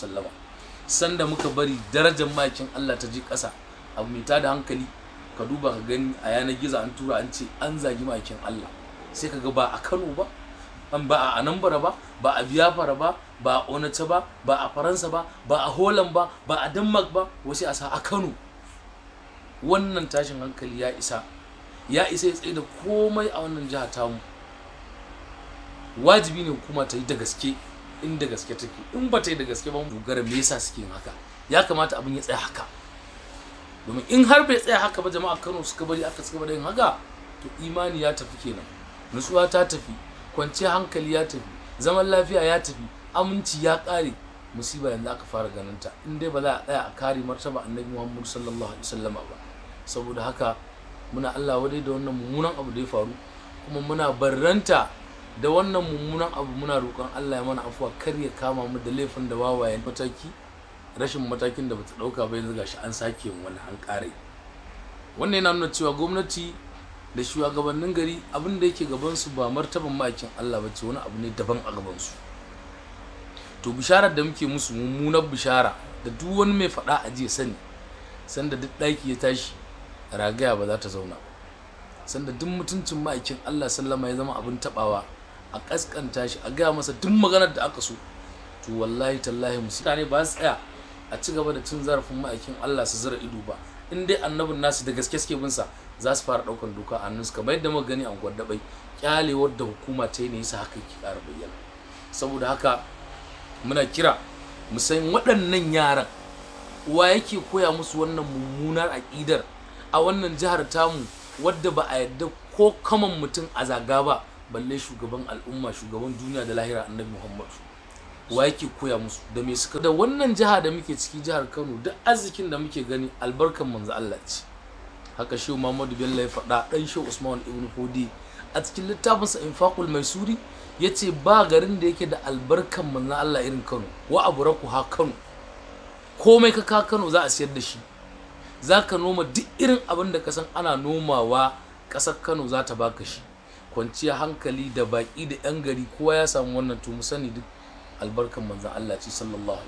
sallama sanda muka bari darajar makin Allah ta ji ƙasa abu mai tada hankali ka duba ka gani a yanar gizo an tura an ce an zagi makin Allah sai ka ga ba a Kano ba an ba a Anambra ba ba a Biafra ba ba a Onitsha ba ba a Faransa ba ba a Holland ba ba a Denmark ba wasu a sa a Kano wannan tashin hankali ya isa ya isa ya tsaye da komai a wannan jiha tamu wajibi ne hukuma ta yi da gaske inda gaske take in ba ta yi da gaske ba dogara me yasa suke yin haka ya kamata abin ya tsaya haka domin in har bai tsaya haka ba jama'a Kano suka bari aka suka bari haka to imani ya tafi kenan nutsuwa ta tafi kwanciyar hankali ya tafi zaman lafiya ya tafi aminci ya kare, musiba yanzu aka fara ganin ta in dai ba za a tsaya a kare martaba annabi Muhammad sallallahu alaihi wasallama ba saboda haka muna Allah wadai da wannan mummunan abu da ya faru kuma muna barranta da wannan mummunan abu muna roƙon Allah ya mana afuwa kar ya kama mu da laifin da wawayen mataki rashin matakin da bata ɗauka ba yanzu gashi an sake mu wani an ƙare wannan yana nuna cewa gwamnati da shugabannin gari abin da yake su ba martaban ma'aikin Allah ba ce wani abu ne daban a gaban su. to Bishara da muke musu mummunar bishara da duk wani mai faɗa a jiya sani sanda duk ɗaki ya tashi ragaya ba za ta zauna ba sanda duk mutuncin ma'aikin Allah sallama ya zama abin taɓawa a kaskanta shi a gaya masa duk maganar da aka so to wallahi tallahi mutane ba su tsaya a ci gaba da cin zarafin ma'aikin Allah su zira ido ba in dai annabin nasu da gaske suke bin sa za su fara daukan doka a hannunsu kamar yadda muka gani a gwaddabai kyalewar da hukuma ta yi ne yasa haka yake ƙara bayyana saboda haka muna kira mu san waɗannan yaran wa yake koya musu wannan mummunar aƙidar a wannan jihar tamu wadda ba a yadda ko kaman mutum a zaga ba balle shugaban al'umma shugaban duniya da lahira annabi muhammadu wa yake koya musu da me suka da wannan jiha da muke ciki jihar kano da arzikin da muke gani albarkan manzo allah ce haka shehu muhammadu bello ya faɗa ɗan shehu usman ibn hudi a cikin littafinsa infaqul maisuri ya ce ba garin da yake da albarkan manzo allah irin kano wa aburaku ha kano komai ka ka kano za a siyar da shi za ka noma duk irin abin da ka san ana nomawa ƙasar kano za ta baka shi kwanciya hankali da baƙi da 'yan gari kowa ya samu wannan to mu sani duk albarkan manzan Allah ce sallallahu